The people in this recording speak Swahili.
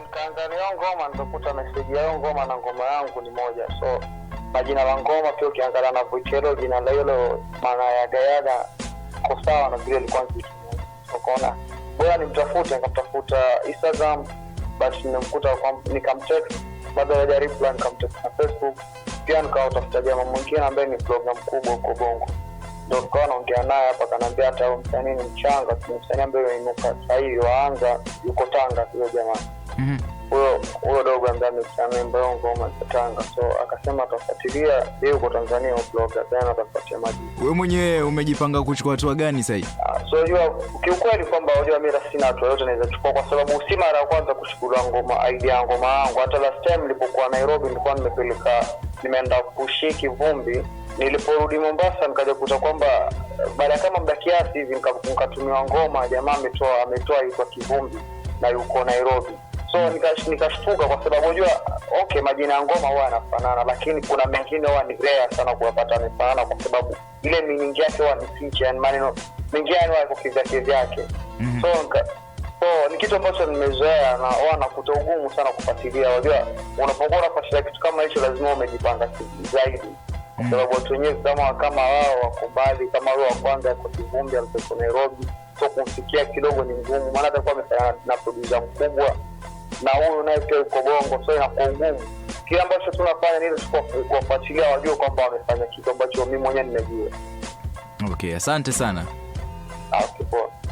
nikaangalia ngoma nikakuta meseji yao ngoma na ngoma yangu ni moja so na jina la ngoma pia ukiangalia na vuchelo jina la hilo maana gayada ko sawa na vile ilikuwa nikaona bora nimtafute nikamtafuta instagram but nimemkuta nikamtext baada ya jaripla nikamtext na facebook pia nikawatafuta jama mwingine ambaye ni program kubwa huko bongo ndo nikawa naongea naye hapa, kanaambia hata msanii ni mchanga, msanii ambaye umeinuka sahivi waanza, yuko Tanga huyo jamani mhm. huyo huyo dogo ambaye amesamia mbongo Tanga, so akasema atafuatilia yeye uko Tanzania bloga tena atafuatia maji we mwenyewe umejipanga kuchukua hatua gani sahii ah, so jua kiukweli kwamba wajua mira sina hatua yote naweza kuchukua, kwa sababu si mara ya kwanza kushughulika ngoma aidia ya ngoma yangu. Hata last time nilipokuwa Nairobi nilikuwa nimepeleka nimeenda kushiki vumbi niliporudi Mombasa nikaja kuta kwamba eh, baada ya kama muda kiasi hivi nikatumiwa ngoma, jamaa ametoa ametoa kwa Kivumbi na yuko Nairobi. So hmm. nikashtuka kwa sababu unajua, okay, majina ya ngoma huwa yanafanana, lakini kuna mengine huwa ni rare sana kuwapata amefanana, kwa sababu ile meaning yake huwa ni fiche, yani maneno mengi yani huwa yako kivyake vyake. Hmm. so nika, so ni kitu ambacho nimezoea na huwa nakuta ugumu sana kufuatilia. Unajua, unapokuwa unafuatilia kitu kama hicho, lazima umejipanga zaidi kwa sababu watu wenyewe kama kama wao wakubali kama wao wa kwanza Kotivumbi alipoko Nairobi, so kumfikia kidogo ni ngumu, maana atakuwa amefanya na producer mkubwa na huyu naye pia uko Bongo, so inakuwa ngumu. Kile ambacho tunafanya ni ile kuwafuatilia wajue kwamba wamefanya kitu ambacho mimi mwenyewe nimejua. Okay, asante sana. Ah, okay,